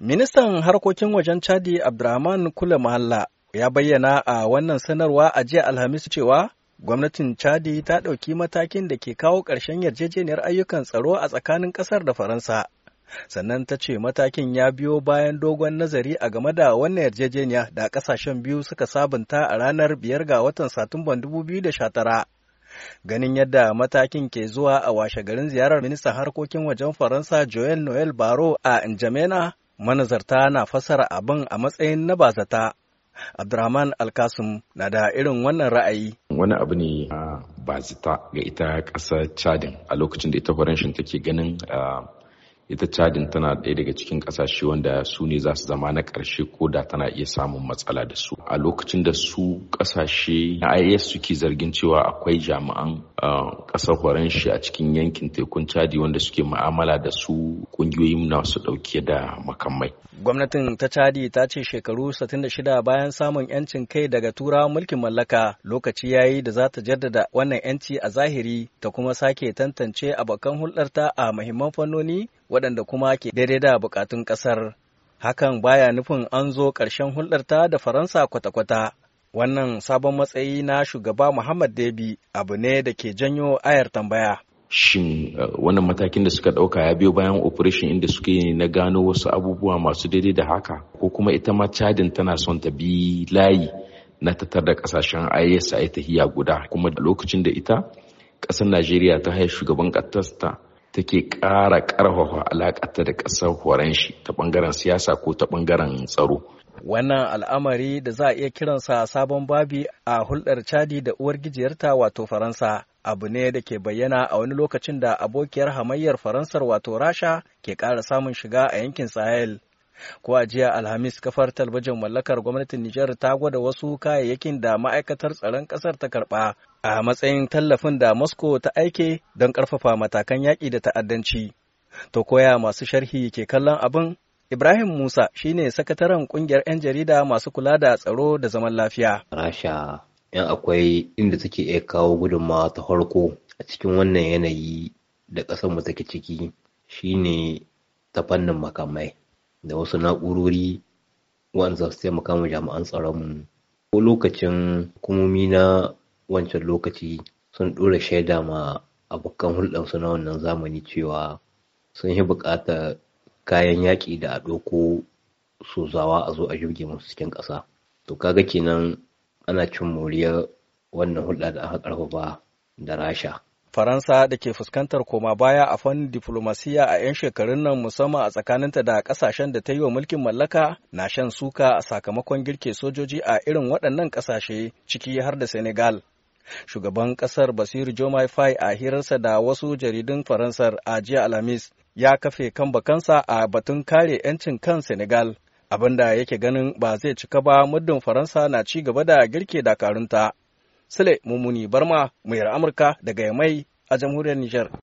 Ministan harkokin wajen Chadi Abdurrahman Kula Mahalla ya bayyana a wannan sanarwa a jiya Alhamis cewa gwamnatin Chadi ta ɗauki matakin da ke kawo ƙarshen yarjejeniyar ayyukan tsaro a tsakanin ƙasar da Faransa. Sannan ta ce matakin ya biyo bayan dogon nazari a game da wannan yarjejeniya da ƙasashen biyu suka sabunta a ranar biyar ga watan Satumban 2019. ganin yadda matakin ke zuwa a washe garin ziyarar ministan harkokin wajen faransa joel noel baro a njamena manazarta na fassara abin a matsayin na bazata. Abdurrahman Alkasum na da irin wannan ra'ayi. Wani abu ne bazata ga ita ƙasar Chadin a lokacin da ita Faranshin take ganin ita Chadin tana ɗaya daga cikin ƙasashe wanda su ne za su zama na ƙarshe ko da tana iya samun matsala da su. A lokacin da su ƙasashe na IAS suke zargin cewa akwai jami'an kasar Faranshi a cikin yankin tekun Chadi wanda suke ma'amala da su ƙungiyoyi masu ɗauke da makamai. Gwamnatin ta Cadi ta ce shekaru 66 bayan samun 'yancin kai daga tura mulkin mallaka lokaci ya yi da za ta jaddada wannan 'yanci a zahiri ta kuma sake tantance abokan hulɗarta a muhimman fannoni waɗanda kuma ke daidai da bukatun ƙasar. Hakan baya nufin an zo ƙarshen hulɗarta da Faransa kwata-kwata. Wannan sabon matsayi na shugaba Muhammad Debi abu ne da ke janyo ayar tambaya. Shin eh, wannan matakin da suka ɗauka ya biyo bayan operation inda suke yi na gano wasu abubuwa masu daidai da haka ko kuma ita ma cadin tana son ta bi layi na tattar da kasashen IS a hiya guda kuma da lokacin da ita ƙasar Najeriya ta haya shugaban ƙasarta take ƙara ƙarfafa alaƙarta da ƙasar horon shi ta ɓangaren siyasa ko ta ɓangaren tsaro. Wannan al'amari da za a iya kiransa sabon babi a hulɗar Chadi da uwar gijiyarta wato Faransa. Abu ne da ke bayyana a wani lokacin da abokiyar hamayyar Faransar wato Rasha ke ƙara samun shiga a yankin Sahel. Ko a jiya Alhamis kafar talbijin mallakar gwamnatin Nijar ta gwada wasu kayayyakin da ma'aikatar tsaron ƙasar ta karɓa a matsayin tallafin da Moscow ta aike don ƙarfafa matakan yaƙi da ta'addanci. To koya masu sharhi ke kallon abin Ibrahim Musa shine sakataren kungiyar 'yan jarida masu kula da tsaro da zaman lafiya. Rasha yan akwai inda take iya kawo gudunmawa ta farko a cikin wannan yanayi da ƙasar mu take ciki shine ta fannin makamai da wasu na'urori wanda su taimaka mu jami'an tsaron mu. Ko lokacin hukumomi na wancan lokaci sun ɗora shaida ma abokan hulɗarsu na wannan zamani cewa sun yi buƙatar kayan yaƙi da a ɗauko sozawa a zo a jirge musu cikin ƙasa to kaga kenan ana cin moriyar wannan hulɗa da aka ƙarfafa da rasha faransa da ke fuskantar koma baya a fannin diflomasiyya a 'yan shekarun nan musamman a tsakaninta da ƙasashen da ta yi wa mulkin mallaka na shan suka a sakamakon girke sojoji a irin waɗannan ƙasashe ciki har da senegal shugaban ƙasar basiru jomai fai a hirarsa da wasu jaridun faransar a jiya alhamis ya kafe kan bakansa a batun kare 'yancin kan Senegal, abin abinda yake ganin ba zai cika ba muddin Faransa na ci gaba da girke dakarunta. Sule Mumuni Barma, muyar Amurka daga Yamai a jamhuriyar Nijar.